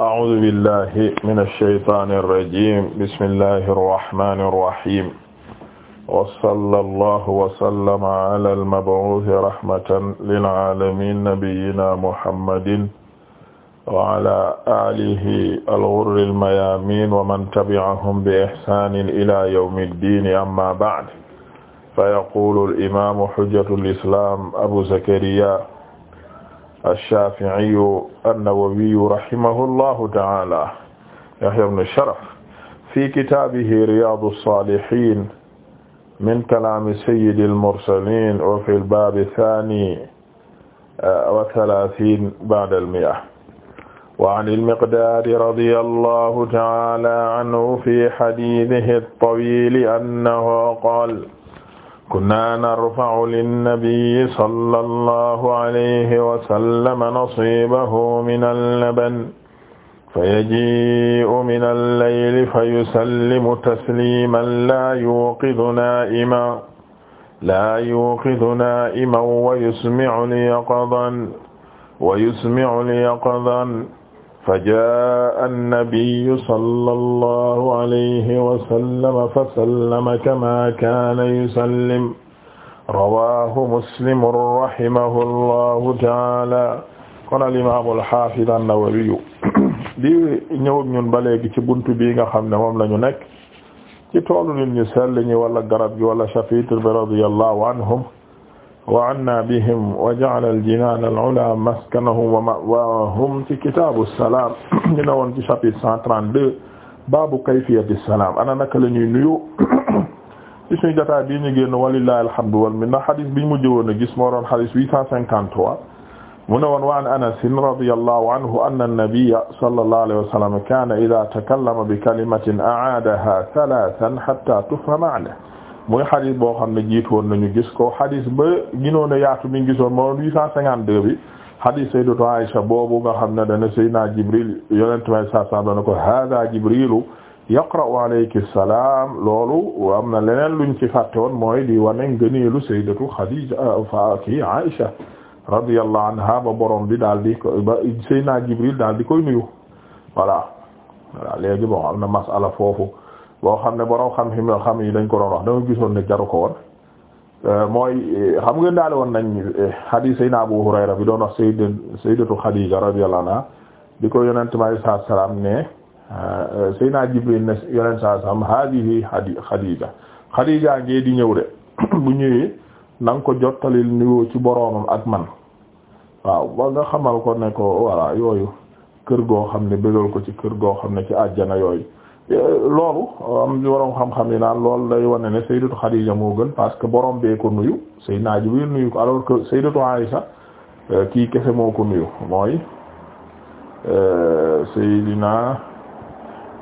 أعوذ بالله من الشيطان الرجيم بسم الله الرحمن الرحيم وصلى الله وسلم على المبعوث رحمة للعالمين نبينا محمد وعلى آله الغر الميامين ومن تبعهم بإحسان إلى يوم الدين أما بعد فيقول الإمام حجة الإسلام أبو زكريا ash-Shafi'i an-Nawawi rahimahullahu ta'ala Yahya ibn Sharaf fi kitaabihi Riyadu s-Salihin min kalaami sayyidil mursalin wa fil baabi thaani wa thalaathina ba'da al-mi'a wa 'an al-Miqdaad radiyallahu ta'ala anhu fi hadiithihi at-tawiil annahu qaala kunna narfa'u linnabiyyi sallallahu alayhi wa sallam nasibahu minal laban fayaji'u minal layli fayusallimu tasliman la yuqidu naa'iman la yuqidu naa'iman wa yusmi'u liyaqadan wa yusmi'u liyaqadan فجاء النبي صلى الله عليه وسلم فسلم كما كان يسلم رواه مسلم رحمه الله تعالى kon al-imaam al-haafiz an-Nawawi di ñëw ak ñun ba léegi ci buntu bii nga xam ne moom la ñu nekk ci toolu nit ñu sell ñi wala garab gi wala chapitre bi radiyallahu anhum وعنا بهم وجعل الجنان العلى مسكنهم ومأواهم ci kitaabu salaam dina woon ci chapitre 132 baabu kayfiyati salaam ana naka la ñuy nuyu ci suñu jotaay bii ñu génn walillahi alhamdu wal minna xadis bi ñu mujj woon a gis moo doon xadis 853 mu ne woon wa an Anas radiyallahu anhu anna an-nabiyya sallallahu alayhi wa sallam kaana idhaa takallama bi kalimatin a'aadahaa thalaasan hattaa tufhama 'alayhi mooy xadis boo xam ne jiitu woon ñu gis ko xadis ba ginoon a yaatu bi gisoon moo 852 bi xadis sayyidatu Aisha boobu nga xam ne dana sayyidina Jibril yonent may saa saa dana ko hada Jibrilu yaqra'u alayki salaam loolu am na leneen luñ ci fàtte woon mooy di wane ngëneelu sayyidatu Xadiija fa kii Aisha radiyallahu anha ba borom bi daal di ko ba sayyidina Jibril daal di koy nuyu voilà voilà léegi bon am na masala foofu boo xam ne borom xam xi xam yi dañ ko doon wax dama gisoon ne jaru ko woon euh, mooy xam nga daale woon nañ eh, hadis sayna naa Hurayra bi doon wax sayyidat sayyidatu Khadija radiyallahu anha di ko yonent mi alayhi salaatu salaam ne euh, sayna Jibril ne yonent salaatu salaam hadihi hadi Khadija Khadija ngee di ñëw de bu ñëwee na nga ko jottalil nuyoo ci boroomam ak man waaw ba nga xamal ko ne ko voilà yooyu kër goo xam ne bëggal ko ci kër goo xam ne ci àjjana yooyu loolu am waroon xam-xam yi naan loolu lay wane ne sayyidatu Xadiija moo gën parce que borom bee ko nuyu Seydina Jibril nuyu ko alors que sayyidatu Aïsa euh, kii kese moo ko nuyu mooy euh, Seydina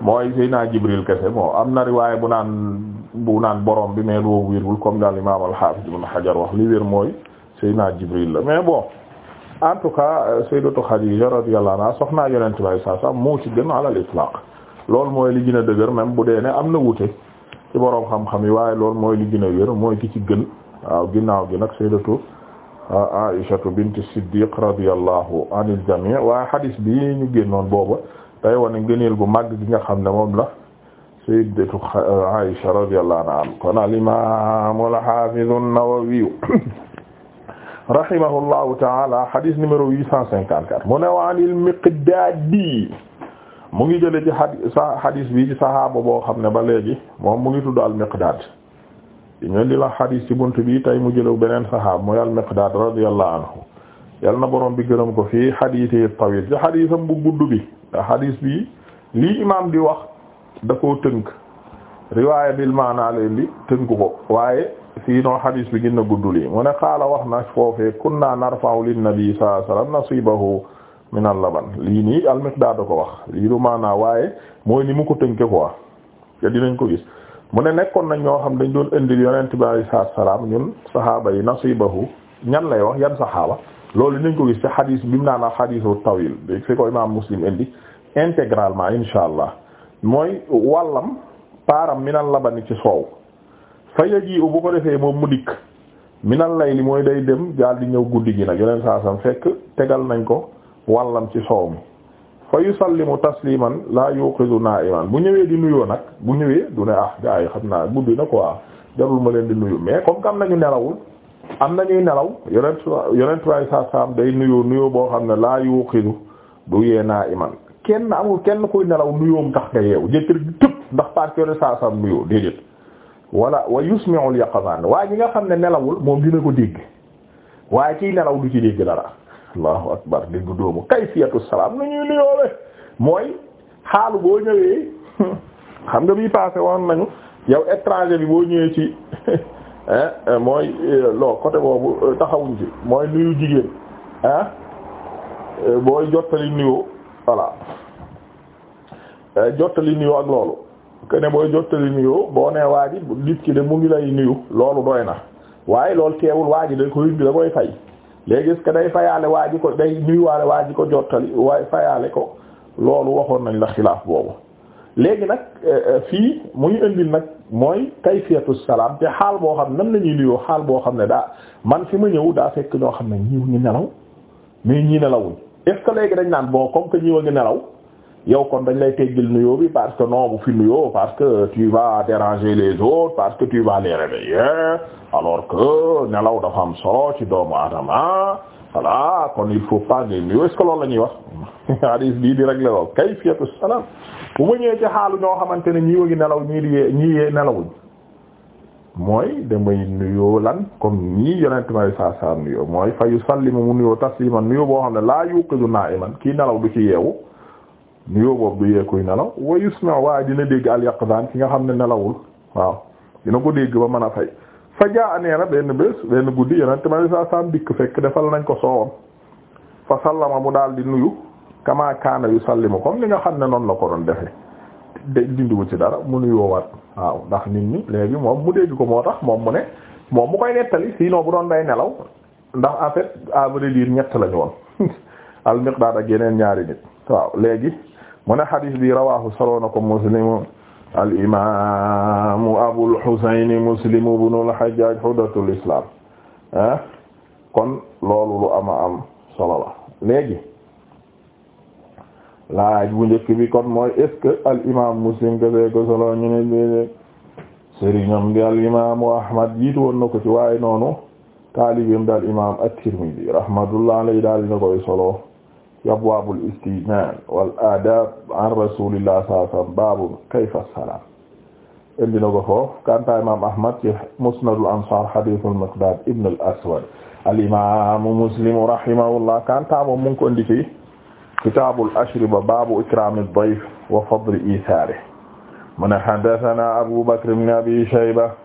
mooy Seydina Jibril kese moo am na riwaaya bu naan bu naan borom bi mais doo wérul comme daal Imaam al-Hafiz Ibn Hajar wax li wér mooy Seydina Jibril la mais en tout cas euh, sayyidatu Xadiija radiyallahu anha soxnaa Yonent bi sallallahu alayhi wasallam moo ci gën alal itlaq loolu mooy li gën a dëgër même bu dee ne am na wute ci boroom xam-xam yi waaye lool mooy li gën a mooy ki ci gën waaw ginnaaw gi nag sayyidatu Aishatu bint Siddiq radiyallahu anil jami' waaye hadis bi ñu génnoon booba day wane ngëneel bu màgg gi nga xam ne moom la sayyidatu Aisha radiyallahu anha kon al imam al hafiz an-Nawawi rahimahullahu ta'ala hadis numéro mu ne wa anil Miqdadi mu ngi jële ci xadis bi ci saxaaba boo xam ne ba léegi moom mu ngi tudd al-Miqdaad ñu li la xadis ci bunt bi tay mu jëlew beneen saxaaba mooy al-Miqdaad anhu yal na borom bi gërëm ko fii xadisi tawil ci xadisam bu gudd bi ndax xadis bi lii imaam di wax da tënk riwaaya bil maana leen bi tënk ko waaye fii noo xadis bi gën na gudd lii mu ne xaala wax na foofee kunna narfa'u lin nabi sallallahu alayhi minal laban lii nii al-Miqdaad da ko wax lii du maanaa waaye mooy ni mu ko tënke quoi te dinañ ko gis mu ne nekkoon nañ ñoo xam dañ doon indi yonent bi alayhi salaam ñun saxaaba yi nasiibahu ñan lay wax yan saxaaba loolu dinañ ko gis ci xadiis bi mu naan ak xadiisu tawil bi fi ko imaam Muslim indi intégralement insha allah mooy wàllam paaram minal labani ci soow fa yaji bu ko defee moom mu dikk minal li mooy day dem daal di ñëw guddi gi nag yonent saa sam tegal nañ ko wàllam ci soow mi fa yusallimu tasliman la yuqizu na'iman bu ñëwee di nuyoo nag bu ñëwee du ne ah gars yi xam naa guddi na ko quoi jarul ma leen di nuyu mais comme que am nañu nelawul am nañuy nelaw yonent yonent way sa saam day nuyoo nuyoo boo xam ne la yuqizu du yee na'iman kenn amul kenn kuy nelaw nuyoom tax nga yeewu jëkkër gi tëb ndax parce que yonent saa saam nuyoo déedéet wala wa yusmi'ul yaqzan waaye ñi nga xam ne nelawul moom dina ko dégg waaye kiy nelaw du ci dégg allahu akbar di du dóomu kayfiyatu salaam nu ñuy nuyoowe mooy xaalu boo ñëwee xam nga bii passé woon nañu yow étranger bi boo ñëwee ci mooy loo euh, côté boobu euh, taxawuñ ci mooy nuyu jigéen ah booy jottali nuyoo voilà jottali nuyoo ak loolu que ne booy jottali nuyoo boo nee waa ji ki de mu ngi lay nuyu loolu doy na waaye loolu teewul waa ji da koy da koy fay léegi est-ce day fayaale waa ji ko day nuyuwaale waa ji ko jottali waaye fayaale ko loolu waxoon nañ la xilaaf boobu léegi nag euh, euh, fii muy indil nag mooy kayfiyatu salaam te xaal boo xam nan la ñuy nuyoo xaal boo xam ne daa man fi ma ñëw daa fekk ñoo xam ne ñiw ñu nelaw mais ñii nelawuñ est léegi dañ naan bon comme que ñiw a ngi nelaw yow kon dañ lay teggil nuyoo bi parce que non bu fi nuyoo parce que tu vas déranger les autres parce que tu vas les réveiller alors que nelaw dafa am solo ci doomu adama voilà kon il faut pas ngay nuyoo est-ce que loolu la ñuy wax hadis bii di régler lool kayfiyatu salam bu ma ñëwee ci xaalu ñoo xamante ne ñii ngi nelaw ñii di ñii yee nelawuñ mooy damay nuyoo lan comme ñii yonent may saa saa nuyoo mooy fa yusallimu mu nuyoo tasliman nuyoo boo xam ne laa yuqidu na'iman kii nelaw du ci yeewu nuyoo boobu du yeekuy nelaw wa yusma waaye dina dégg al yaqzaan ki nga xam ne nelawul waaw dina ko dégg ba man a fay fa jaa nee na benn bés benn guddi yonent ma saa saam dikk fekk defal nañ ko soowam fa sallama mu daal di nuyu kamaa kaana yu ma comme li nga xam ne noonu la ko doon defee de dindiwu ci dara mu nuyoowaat waaw ndax nit ñi léegi moom mu dégg ko moo tax moom mu ne moom mu koy nettali sinon bu doon day nelaw ndax en fait à ñett lañu woon al yeneen ñaari mu ne xadis bi rawaahu solo na ko muslimu al imaamu abul xusayni muslimu ibnul xajjaaj xuddatul islaam ah kon loolu lu ama am solo la léegi laaj bu njëkk bi kon mooy est-ce que al imaam muslim kese ko solo ñu ne déedéet sëriñam di al imaamu ahmad jiitu woon na ko ci waaye noonu taalibeem di al imaam at-tirmidi rahmatullah yi daal dina koy solo. abwaabul isti'zaan wal aadaab an rasuulillah sallallahu alayhi wa sallam baabu kayfa salaam indi na ko foofu kanta imaam Ahmad ci musnadul ansaar hadiisul miqdaad ibn al aswad al imaamu muslim rahimahullah kanta moom mu ngi ko indi ci kitaabul ashriba baabu ikraamid dayf wa fadli iisaarihi mu ne haddasanaa Abuu Bakr ibn Abii Shayba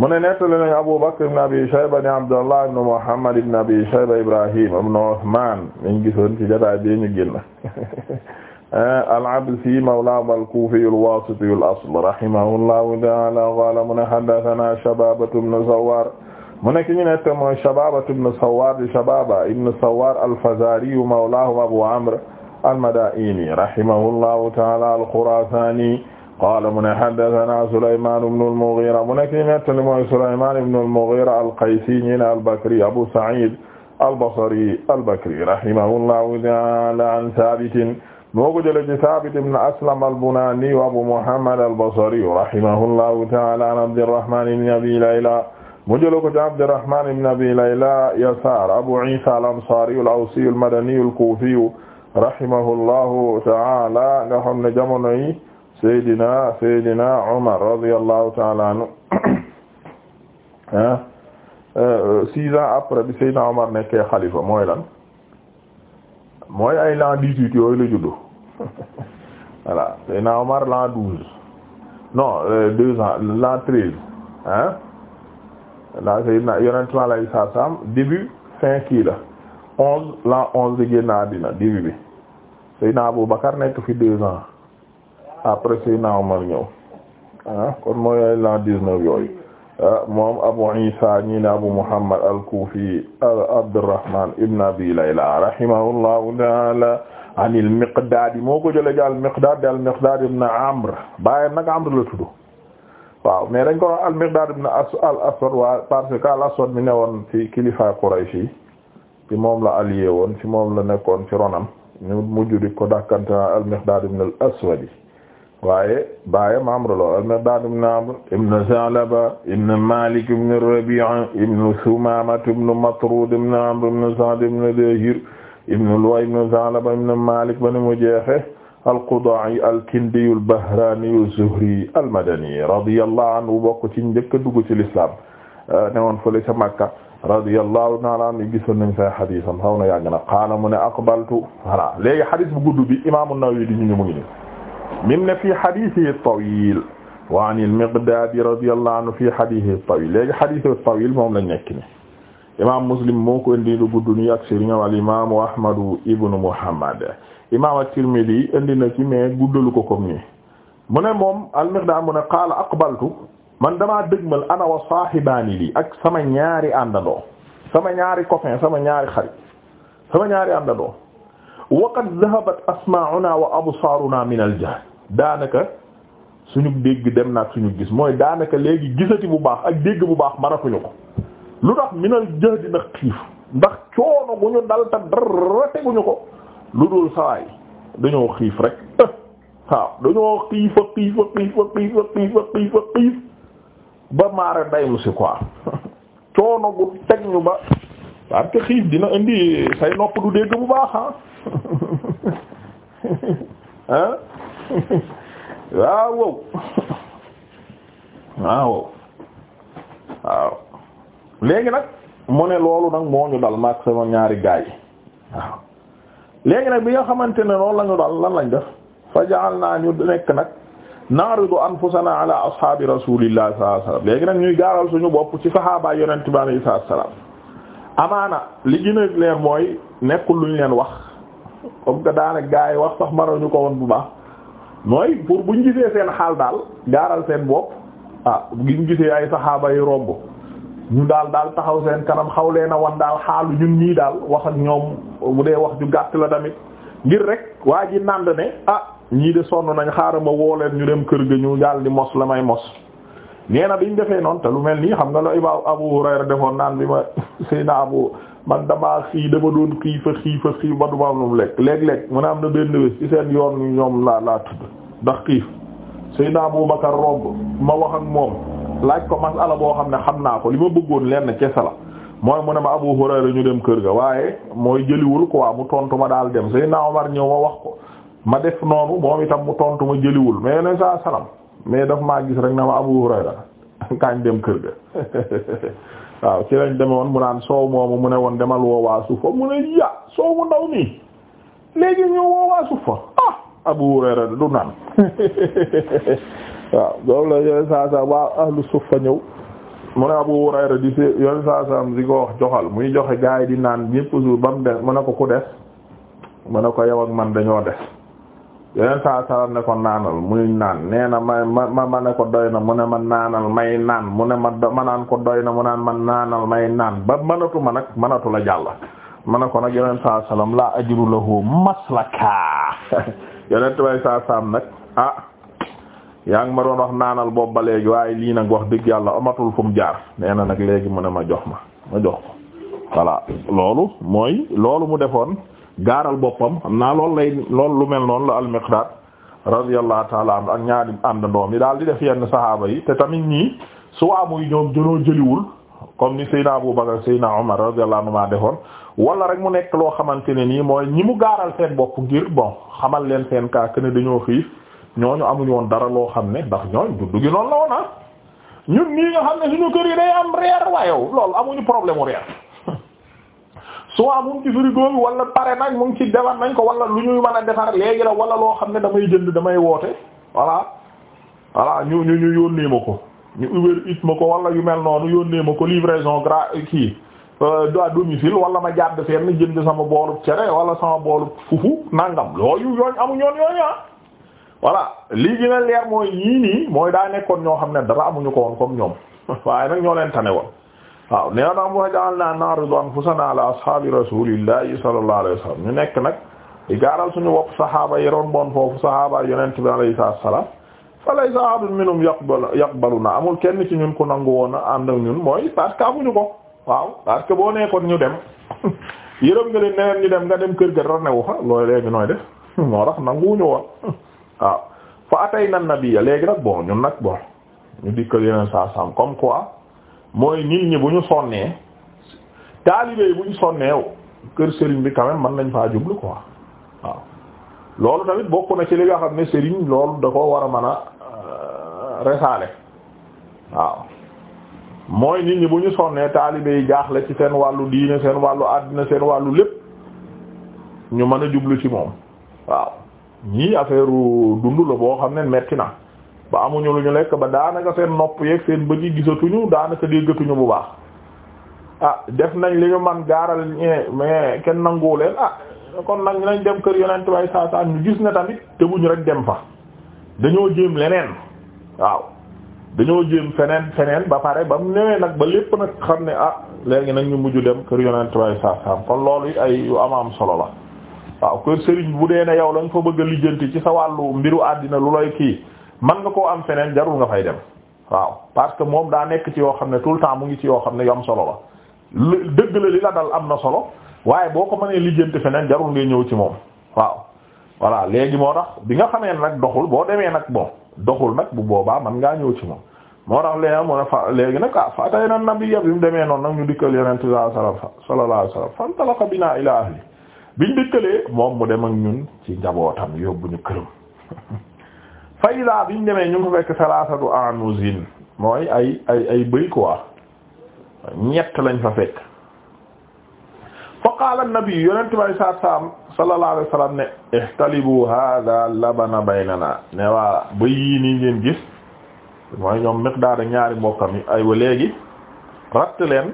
mu ne nettali nañu Abu Bakr ibn Abi Shayba ni Abdullah ibn Muhammad ibn Abi Shayba Ibrahim ibn Uthman ñu gisoon ci jotaay bi ñu génn al-Absi mawlaahum al-Kufi al-Wasiti al-asl rahimahullahu ta'ala qala mu ne haddathana Shababa ibn Sawwar mu ne ki ñu nette mooy Shababa ibn Sawwar di Shababa ibn Sawwar al-Fazari mawlaahum Abu Amr al-Madaini rahimahullahu ta'ala al-Khurasani qaala mu ne haddasanaa Sulaymaan ibn al-Mughiira mu nekk nettali mooy Sulaymaan ibn al-Mughiira al-Qaysi ñi ne al-Bakri Abu Sa'iid al-Basri al-Bakri rahimahullahu ta'aala an Saabit moo ko jëlee ci Saabit ibn Aslam al-Bunaani wa Abu Muhammad al-Basri rahimahullahu ta'aala an Abdirrahmaan ibn Abi Layla mu jëlee ko ci Abdirrahmaan ibn Abi Layla Yasaar Abu Iisaa al-Ansaari al-Awsi al-Madani al-Kuufi rahimahullahu ta'aala nga xam ne jamono yi Seydina Seydina Omar radiyallahu ta'ala anhu ah six ans après bi Seydina Omar nekkee xalifa mooy lan mooy ay l'an dix-huit yooyu la juddu voilà Seydina Omar l'an douze non euh, deux ans l'an treize ah la Seydina yonentement lay sa sam début fin kii la onze l'an onze di génn àddina début bi Seydina Abou Bakar nekk fi deux ans après Seydina Omar ñëw ah kon mooy ay l'an dix-neuf yooyu ah, moom Abu Isa ñi ne Abu Muhammad al-Kufi Abdurrahman ibn Abi Layla rahimahullahu ta'ala an al-Miqdad moo ko jëlee al-Miqdad al-Miqdad ibn Amr baayam nag Amr la tudd waaw mais dañ ko wax al-Miqdad ibn al-Aswad waa parce que al-Aswad mi ne woon ci kilifa Quraysh yi ci moom la allié woon ci moom la nekkoon ci ronam ñu mujj di ko dàkkante al-Miqdad ibn al-Aswad waaye baayam Amr la al-Miqdaad ibn Amr ibn Sa'laba ibn Maalik ibn Rabi'a ibn Sumaama ibn Matruud ibn Amr ibn Sa'd ibn Dahiir ibn Luway ibn Sa'laba ibn Maalik ba nu mu jeexee al-Qudaa'i al-Kindi al-Bahraani az-Zuhri al-Madani radiyallahu anhu bokk ci njëkk a dugg ci lislaam euh, newoon fële ca Makka radiyallahu ta'ala anhu gisoon nañ say xadiisam xaw na yàgg na qaala mu ne aqbaltu voilà léegi xadiis bu gudd bi Imaam an-Nawawi di ñu mu ngi nii min ne fii hadithihi at-tawil wa an al-Miqdad radiyallahu anhu fii hadithihi at-tawil léegi hadithihi at-tawil moom lañ nekk ni imam Muslim moo ko indi lu gudd nii ak sëriñam al imamu Ahmadu ibnu Muhammad imam at-Tirmidhi indi na ci mais guddalu ko comme nii mu ne moom al-Miqdad mu ne qaala man damaa dëgmal ana wa saahibaani lii ak sama ñaari àndandoo sama ñaari copain sama ñaari xarit sama ñaari àndandoo waqad dhahabat asma'una wa absaaruna min al jahl daanaka suñu dégg dem na suñu gis mooy daanaka léegi gisati bu baax ak dégg bu baax maratuñu ko lu tax min al jahl dina xiif ndax coono gu ñu dal ta dara teguñu ko lu dul sawaay dañoo xiif rek waaw dañoo xiif a xiif a xiif a xiif ba maare daylu si quoi coono gu teg ñu ba parce que xiif dina indi say nopp du dégg bu baax ah. ah waaw wow waaw waaw léegi nag mu ne loolu nag moo ñu dal maak sama ñaari gaay yi waaw léegi nag bi nga xamante ne loolu la ñu dal lan lañ def fa jaal naa ñu nekk nag na'ridu anfusana ala ashaabi rasulillahi sallallahu alayhi wasallam léegi nag ñuy gaaral suñu bopp ci sahaaba yonent bi alayhi salaam amaana li gën a leer mooy nekkul luñ leen wax comme que daanaka gars yi wax sax ñu ko woon bu baax mooy pour buñ gisee seen xaal daal gaaral seen bopp ah buñ gisee ay saxaaba yi romb ñu daal daal taxaw seen kanam xaw leen a wan daal xaalu ñun ñii daal wax ak ñoom bu dee wax ju gàtt la tamit ngir rek waa ji nànd ne ah ñii de sonn nañ xaaral ma woo leen ñu dem kër gi ñu daal di mos la may mos. nee na biñ defee noonu te lu mel nii xam nga la imaam Abu Hurayra defoon naan bi ma Seydina Abu man damaa xii dama doon xiifa xiifa xiif ba du ma am lu mu lekk léeg-léeg mu ne am na benn bés ci seen yoon ñoom laa laa tudd ndax xiif Seydina Abu Bakar romb ma wax ak moom laaj ko masala boo xam ne xam naa ko li ma bëggoon lenn kese la mooy mu ne ma Abu Hurayra ñu dem kër ga waaye mooy jëliwul quoi mu tontu ma daal dem Seydina Omar ñëw ma wax ko ma def noonu moom itam mu tontu ma jëliwul mais yeneen saa salaam. mais daf maa gis rek na ma Abu Hurayra kaañ dem kër ga waaw ci lañ deme woon mu naan soow moomu mu ne woon demal woowaa suufa mu ne ya soow mu ndaw nii léegi ñu woowaa suufa ah Abu Hurayra du loolu la yooyu saa saa ñëw mu ne Abu Hurayra di si yooyu saa saa di ko wax joxal muy joxe yi di naan ñépp toujours ba mu des mu ne ko ku des mu ne ko yow man dañoo des yeneen saa salam ne ko naanal muy naan nee na ma ma ma ne ko doy na mu ne ma naanal may naan mu ne ma ma naan ko doy na mu naan ma naanal may naan ba mënatu ma nag mënatu la jàll ma ne ko nag yeneen saa salam la ajru lahu maslaka yeneen tubay saa salam nag ah yaa ngi ma doon wax naanal boobu ba léegi waaye lii nag wax dëgg yàlla amatul fu jaar nee nag léegi mu ne ma jox ma ma jox ko voilà loolu mooy loolu mu defoon gaaral boppam xam naa loolu lay loolu lu mel noonu la al-Miqdaad radiyallahu taala anhu ak ñaari yi daal di def yenn saxaaba yi te tamit ñii suwaa muy ñoom jënoo ni Seydina Abu Bakar Seydina wala rek mu nekk loo xamante ne nii mooy ñi mu gaaral seen bopp ngir bon xamal leen seen kaa que ne dañoo xiif ñooñu amuñ woon dara loo xam ne ndax ñooñ dund gi noonu la woon ah ñun nii nga xam ne suñu kër yi day am reer waaye yow amuñu problème reer soit mu ngi ci frigo bi wala pare nañ mu ngi ci defar nañ ko wala lu ñuy mën a defar léegi la wala loo xam ne damay jënd damay woote voilà voilà ñu ñu ñu yónnee ma ko ñu Uber Eats ma ko wala yu mel noonu yónnee ma ko livraison gra kii euh, à domicile wala ma jàdd fenn jënd sama boolub cere wala sama boolub fufu nangam looyu yooñ amu ñoon yooñu ah lii gën a leer mooy yii nii mooy daa nekkoon ñoo xam ne dara amuñu ko woon comme ñoom waaye nag ñoo leen tane waaw nee na wa ja'alnaa na'ridu anfusanaa ala ashaabi rasuulillaahi sallallaahu alayhi wa ñu nekk nag di suñu bopp saxaaba yi doon bon foofu saxaaba yonent bi alayhi salaam fa laysa amul kenn ci ñun ko nangu woon a ànd ak ñun mooy parce que amuñu ko waaw parce que boo ñu dem yërëm nga kër ga dara newu fa loolu léegi moo tax nanguwuñu woon waaw fa atayna nabiyya léegi ñu dikkal yeneen comme quoi. mooy nit ñi bu ñu sonnee taalibe yi bu ñu sonnee kër sëriñ bi quand même mën nañ faa jublu quoi waaw loolu tamit bokk na ci li nga xam ne sëriñ loolu da ko war a mën a euh, resaale waaw mooy nit ñi bu ñu sonnee taalibe jaaxle ci seen wàllu diine seen wàllu àddina seen wàllu lépp ñu mën a jublu ci moom waaw ñii affaire dund la boo xam ne metti na ba amuñu lu ñu lekk ba daanaka seen nopp yeeg seen bët yi gisatuñu daanaka déggatuñu bu baax ah def nañ li ñu man gaaral ñee kenn nanguwu leen ah kon nag nañ dem kër yonent way saa saa ñu gis ne tamit te buñu rek dem fa dañoo jéem leneen waaw dañoo jéem feneen feneen ba pare ba mu newee nag ba lépp nag xam ne ah léegi nag ñu mujju dem kër yonent way kon loolu it ay yu am am solo la waaw kër sëriñ bu dee ne yow lañ fa bëgg a lijjanti ci sa wàllu mbiru àddina lu lay kii man nga koo am feneen jarul nga fay dem waaw parce que moom daa nekk ci yoo xam ne tout le temps mu ngi ci yoo xam ne yu am solo la dëgg la li la dal am na solo waaye boo ko mënee lijjanti feneen jarul ngay ñëw ci moom waaw voilà léegi moo tax bi nga xamee nag doxul boo demee nag bon doxul nag bu boobaa man ngaa ñëw ci moom moo tax léegi moo ne fa léegi nag ah fa tey nag bi yab bi mu demee noonu nag ñu dikkal yonent sallallahu alayhi wasallam fantalaqa binaa ila ahli biñ moom mu dem ak ñun ci njabootam yóbbu ñu këram fayda biñ demee ñu ngi ko fekk salaasatu anuzin mooy ay ay bëy quoi ñett lañ fa fekk fa qaala an-nabi yonent bi alayhi salaatu salaam sallallahu ne ihtalibu hadha labana baynana ne waa bëy yii nii ngeen gis mooy ñoom miqdaar ñaari bokkam yi ay wa léegi ratt leen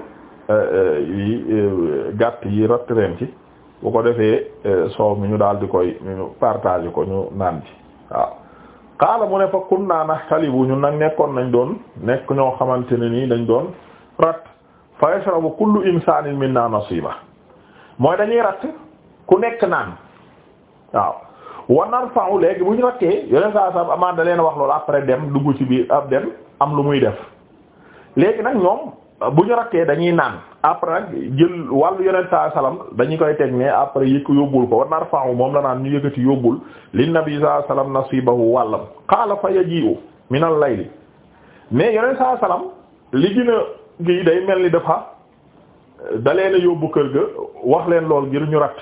eh, eh, yi eh, gàtt yi ratt leen ci bu ko defee soow mi ñu daldi koy ñu partage ko ñu naan ci waaw qaala mu ne fa xali nahtalibu ñu nag nekkoon nañ doon nekk ñoo xamante ne nii dañ doon rat fa yashrabu kullu insaanin minna nasiba mooy dañuy rat ku nekk naan waaw wa narfa'u léegi bu ñu rattee yeneen saa saa amaan da leen wax loolu après dem dugg ci biir ab dem am lu muy def léegi nag ñoom bu ñu rakkee dañuy naan après nag jël wàllu yonent saa salaam dañu koy teg ne après yëkk yóbbul ko war naar moom la naan ñu yëkkati yóbbul li nabi saa salaam nasibahu wàllam xaala fa yaji'u min lay layli mais yonent saa salaam li gën a gi day mel ni dafa da leen yóbbu kër ga wax leen lool ngir ñu rat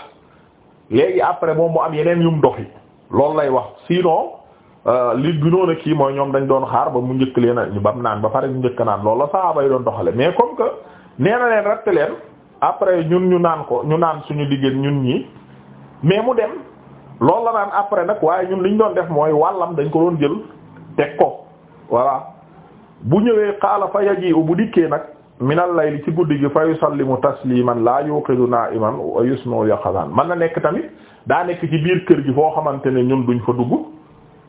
léegi après moom mu am yeneen yum yi loolu lay wax sinon Euh, li gënoon a kii mooy ñoom dañ doon xaar ba mu njëkk leen a ñu bam naan ba pare ñu njëkk naan loolu la saaba doon doxale mais comme que nee na leen ratt leen après ñun ñu naan ko ñu naan suñu diggéen ñun ñii mais mu dem loolu la naan après nag waaye ñun liñ doon def mooy wàllam dañ ko doon jël teg ko voilà bu ñëwee xaala fa yaji bu dikkee nag minal li ci guddi gi fa yusallimu tasliman laa yuqidu na'iman wa yusnu yaqazan man na nekk tamit daa nekk ci biir kër gi foo xamante ne ñun duñ fa dugg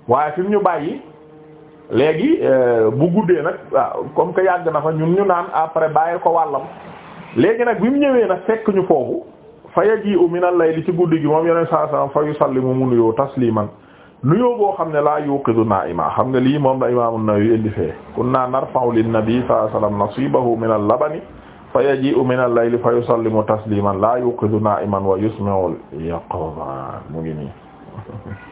waaye fi ñu bàyyi léegi euh, bu guddee nag comme que yàgg na fa ñun ñu naan après bàyyil ko wàllam léegi nag bi mu ñëwee nag fekk ñu foofu fa yaji'u min al-layli ci guddi gi moom yeneen saa saa fa yusallimu mu nuyoo tasliman nuyoo boo xam ne laa yuqidu naa'ima xam nga lii moom la imaam an-Nawawi indi fee kunna narfa'u lin-nabi sallallahu alayhi wa sallam nasibahu min al-labani fa yaji'u min al-layli fa yusallimu tasliman laa yuqidu naa'iman wa yusmi'u al-yaqzan mu ngi nii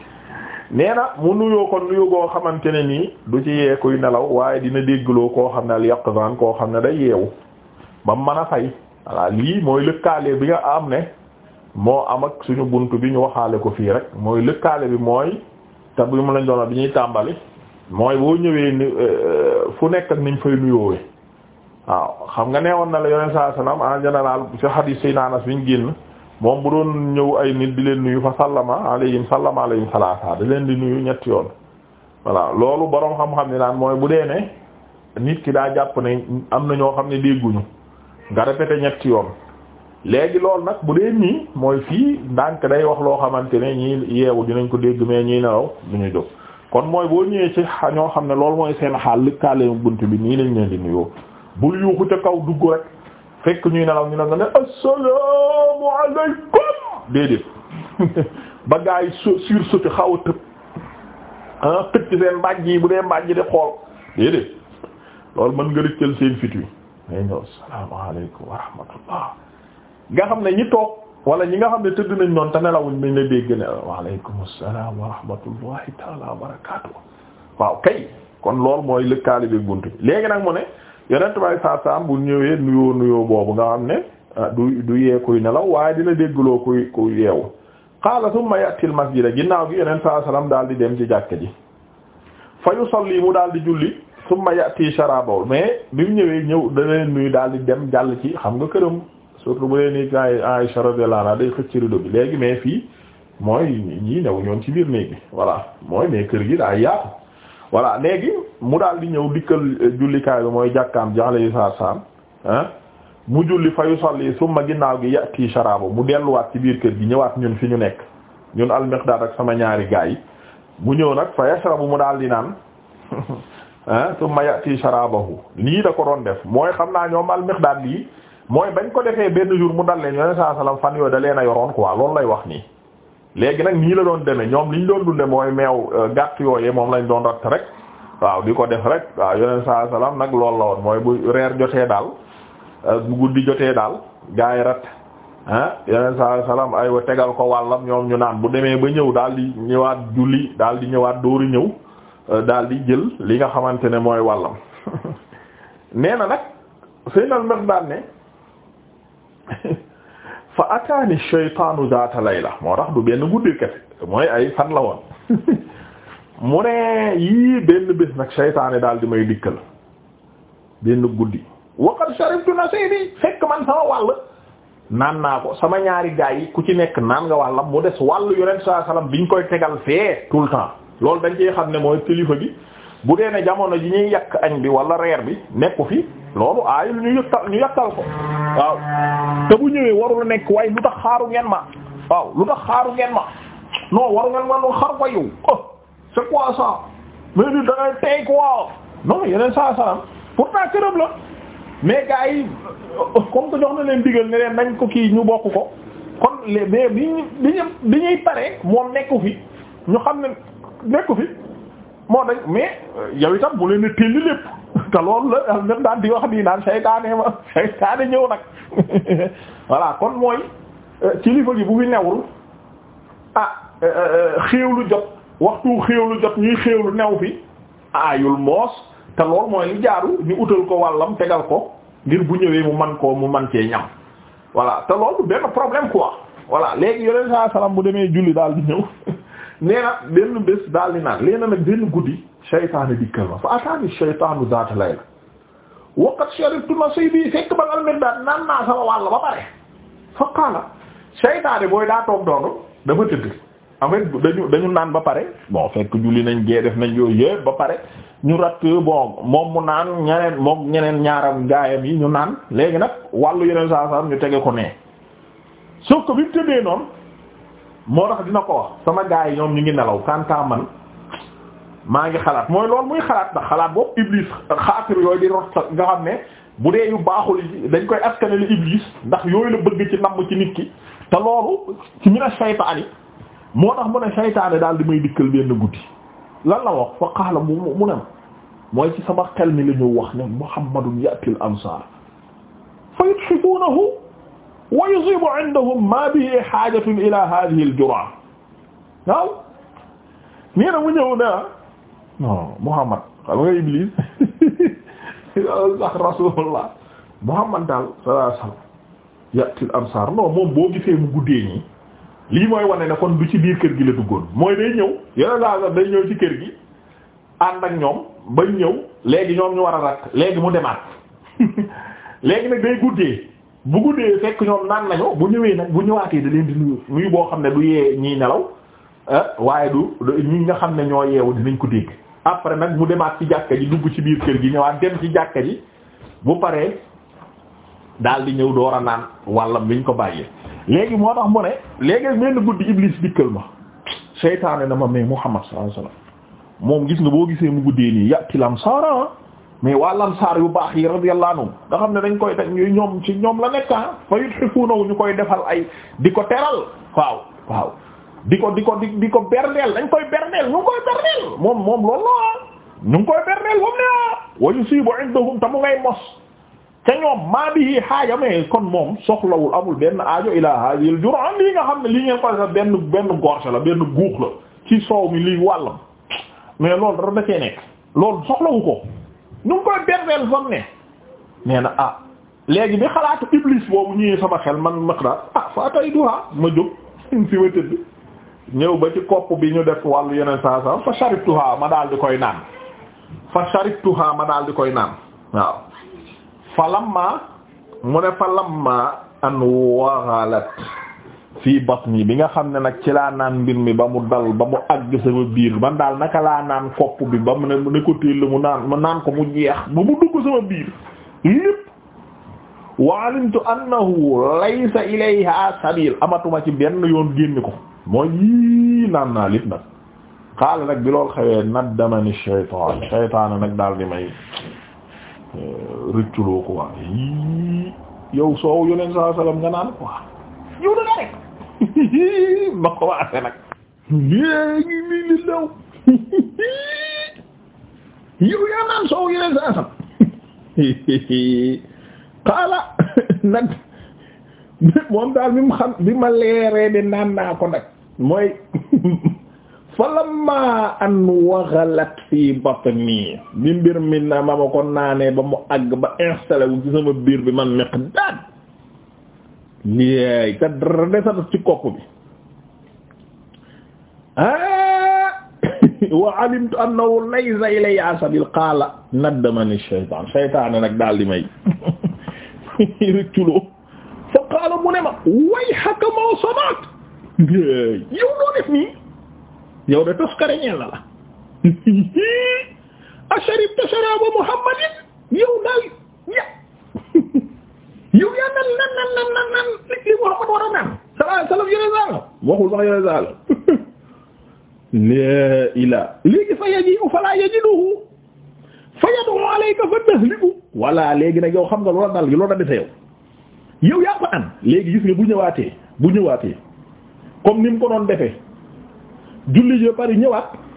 nee na mu nuyoo ko nuyu goo xamante ne nii du ci yee kuy nelaw waaye dina déggloo koo xam ne al yaqzan koo xam ne day yeewu ba mën a fay voilà lii mooy lëkkaale bi nga am ne moo am ak suñu bunt bi ñu waxaale ko fii rek mooy lëkkaale bi mooy te bi mu lañ doon bi ñuy tàmbali mooy boo ñëwee ni euh, fu nekk ak niñ fay nuyoowee waaw xam nga woon na la yoneen saa salaam en général ci hadith Sayna Anas biñ génn moom bu doon ñëw ay nit di leen nuyu fa sallama alayhim sallama alayhim salaasa di leen di nuyu ñetti yoon voilà loolu boroom xam-xam ni naan mooy bu dee ne nit ki daa jàpp ne am na ñoo xam ne dégguñu nga répété ñetti yoon léegi loolu nag bu dee nii mooy fii ndànk day wax loo xamante ne ñii yeewu dinañ ko dégg mais ñii nelaw du ñu jóg kon mooy boo ñëwee ci ñoo xam ne loolu mooy seen xaal lëkkaale bunt bi nii lañ leen di nuyoo bul yuuxu ca kaw dugg rek fekk ñuy nelaw ñu ne nga ne assalaamu alaykum déedéet ba gaa yi su sursauté xaw a tëb ah tëb ci seen mbàjj yi bu dee mbàjj di xool déedéet loolu mën nga rëccal seen fit wi ngay nga xam ne ñi wala ñi nga xam ne tëdd nañ noonu te nelawuñ nañ la dégg ne waaleykum assalaam wa rahmatullahi wa barakaatu waaw kay kon loolu mooy lëkkaali bi bunt bi léegi nag mu ne yeneen tubaab yi saa saam bu ñëwee nuyoo nuyoo boobu nga xam ne ah, du du yee nelaw waaye dina déggloo ku kuy yeewu qaala summa ya'til masjida ginnaaw gi yeneen saa salaam daal di dem ci jàkka ji fa yusalli mu daal di julli ma ya'ti sharabaw mais bi mu ñëwee ñëw dana leen nuyu daal di dem jàll ci xam nga këram surtout bu dee ni ay Aisha radiyallahu anha day xëcc rido bi léegi mais fii mooy ñii new ñoon ci biir néeg bi voilà mooy mais kër gi daa yaatu. voilà léegi mu daal di ñëw dikkal eh, jullikaay bi mooy jàkkaam ji alayhi salaam ah mu julli fa yu yusalli summa ginnaaw gi yati sharabu mu delluwaat ci biir kër gi ñëwaat ñun fi ñu nekk ñun al ak sama ñaari gaay yi mu ñëw nag fa yashrabu mu daal di naan ah summa yati sharabahu lii da ko doon def mooy xam naa ñoom al-Miqdaad lii mooy bañ ko defee benn jour mu dal leen yoneen saa salaam fan yooyu da leen a yoroon quoi loolu lay wax nii. léegi nag nii la doon demee ñoom liñ doon dunde mooy meew euh, gàtt yooyee moom lañ doon ratt rek waaw di ko def rek waaw yoneen saa salaam nag lool la woon mooy bu reer jotee daal euh, bu guddi jotee daal gaa yi ratt ah yoneen saa salaam aywa tegal ko wàllam ñoom ñu naan bu demee ba ñëw daal di ñëwaat julli daal di ñëwaat dóoru ñëw euh, daal di jël li nga xamante ne mooy wàllam nee na nag sëy nal mex daan fa ataani shaytaanu zaata la moo tax du benn guddi kese mooy ay fan la woon mu ne yii benn bés nag shaytaane daal di may dikkal benn guddi waqad sharibtu nasibi fekk man sama wàll naan naa ko sama ñaari gaay yi ku ci nekk naan nga wàllam mu des wàllu yonent saa salaam biñ koy tegal fee tout temps loolu dañ ci xam ne mooy kilifa bi bu dee ne jamono ji ñuy yàq añ bi wala reer bi nekku fi loolu aayul ñu yëttal ñu yàttal ko waaw te bu ñëwee warul nekk waaye lu tax xaaru ngeen ma waaw lu tax xaaru ngeen ma non waru ngeen ma noon xar ko yow oh c'est quoi ça mais ni da ngay tey quoi non yeneen saa salaam pourtant këram la mais gars yi comme que jox na leen digal ne leen nañ ko kii ñu bokk ko kon les bi ñu bi ñu bi ñuy paree moo nekku fi ñu xam ne nekku fi moo dañ mais euh, yow itam leen di lépp. te loolu la même daan di wax nii naan saytaane ma saytaane ñëw nag voilà kon mooy kilifa euh, gi bu fi newul ah euh, euh, xéewlu jot waxtu xéewlu jot ñuy xéewlu new fi aayul moos te lool mooy li jaaru ñu utal ko wàllam tegal ko ngir bu ñëwee mu man koo mu man cee ñam voilà te loolu benn problème quoi voilà léegi yoneen saa salaam bu demee julli daal di ñëw nee na benn bés daal di naan leena nag benn guddi shaytaanu dikkal ma fa ataani la zaata layla waqat sharibtu nasibi fekk ba almet daal naan naa sama wàll ba pare fa qaala shaytaane booy daa toog doonu dafa tëdd en fait dañu naan ba pare bon fekk julli nañ gee def nañ yooyu yëpp ba pare ñu ratt bon moom mu naan ñeneen moom ñeneen ñaaram gaayam yi ñu naan léegi nag wàllu yeneen saa saa ñu tege ko nee soo ko bi mu tëddee noonu moo tax dina ko wax sama gaa yi ñoom ñu ngi nelaw kantaa man maa ngi xalaat mooy loolu muy xalaat ndax xalaat boobu iblis xaatir yooyu di rox nga xam ne bu dee yu baaxul dañ koy askanale iblis ndax yooyu la bëgg ci namm ci nit ki te loolu ci a shaytaani moo tax mu a shaytaani daal di may dikkal benn guddi lan la wax fa qaala mu mu mooy ci sama xel mi la ñu wax ne muhammadun ya'til ansaar fa yuthibunahu wa yusibu indahum ma bihi xaajatun ila hadhihi al-jur'a waaw nee na mu ñëw na Muhammad xam nga Iblis rasulullah Muhammad daal sallallahu alayhi wasallam ya'ti moom boo gisee mu guddee ñi lii mooy wane ne kon du ci biir kër gi la duggoon mooy day ñëw yeneen saa day ñëw ci kër gi ànd ak ñoom bañ ñëw léegi ñoom ñu war a rat mu demaat léegi nag day guddee. bu guddee fekk ñoom naan nañu bu ñëwee nag bu ñëwaatee da leen di nuyu nuyu boo xam ne du yee ñiy nelaw ah, waaye du ñu nga xam ne ñoo yeewu dinañ ko dégg après nag mu demaat ci jàkka ji dugg ci biir kër gi ñëwaat dem ci jàkka ji bu paree daal di ñëw door a naan wàllam biñ ko bàyyee léegi moo tax mu ne léegi mel ni guddi iblis dikkal ma seytaane na ma mais Muhammad sallallahu alayhi wasallam moom gis nga boo gisee mu guddee nii yàkkilam saara mais waa saar yu baax yi radiyallahu anhum nga xam ne dañ koy teg ñoom ci ñoom la nekk ah fa yutxifuuna ñu koy defal ay di ko teral waaw waaw di ko di ko di di ko berndeel dañ koy berndeel ñu ngi koy berndeel moom moom loolu la ah. ngi koy berndeel moom ne ah wa yusibu indahum te mu ngay mos ca ñoom maa bi yi xaaja mais kon moom soxlawul amul benn aajo ilaa haajil juran lii nga xam ne lii ngeen koy def benn benn gorse la benn guux la ci soow mi lii wàllam mais loolu dara da cee nekk ko nu ngi koy berndeel fam ne nee na ah léegi bi xalaatu iblis boobu ñëwee sama xel man Miqdaad ah fa tay duha ma jóg fi ma tëdd ñëw ba ci kopp bi ñu def wàllu yeneen saa saa fa sharibtuha ma daal di koy naan fa sharibtuha ma daal di koy naan waaw fa lamma mu ne fa lamma an waxalat fii batni bi nga xam ne nag ci laa naan mbir mi ba mu dal ba mu àgg sama biir man daal naka laa naan kopp bi ba mu ne ne ko téel mu naan ma naan ko mu jeex ba mu dugg sama biir lépp wa alimtu annahu amatuma ci benn yoon génn ko mooy yii naan naa nag xaala nag bi lool xewee naddamani shaytaan shaytaan nag daal di may eh, rëcculoo ko waa yow soow yoneen saa sallam nga naan quoi ma commencé nag léegi mii li law yow yaa naan soow yeneen sa asam nag moom daal bi mu xam bi ma leeree de naan naa ko nag mooy falamma an waxalat fii batni bi mbir mi na ma ma ko naanee ba mu àgg ba installé wu ci sama biir bi man Miqdaad léegi te dara desatu ci kopp bi ah! wa alimtu annahu laysa ilayya sabil qaala naddamani shaytaan shaytaan nag daal di may rëcculoo fa qaala mu ne ma way haka moo sonaat yow noo def nii yow de toskare ñeel na la asharibta sharaba muhammadin yow daal ya yow yaa nan nan nan nan nan nan li Muhammad war a nan sallallahu alayhi wasallam waxul sax yore zaalo la léegi fa yaji'u fala yajiduhu fa yad'u alayka fa tahliku voilà léegi nag yow xam nga loola dal gi loola dese yow yow yaa ko an léegi gis nga bu ñëwaatee bu ñëwaatee comme ni mu ko doon defe julli ji pare ñëwaat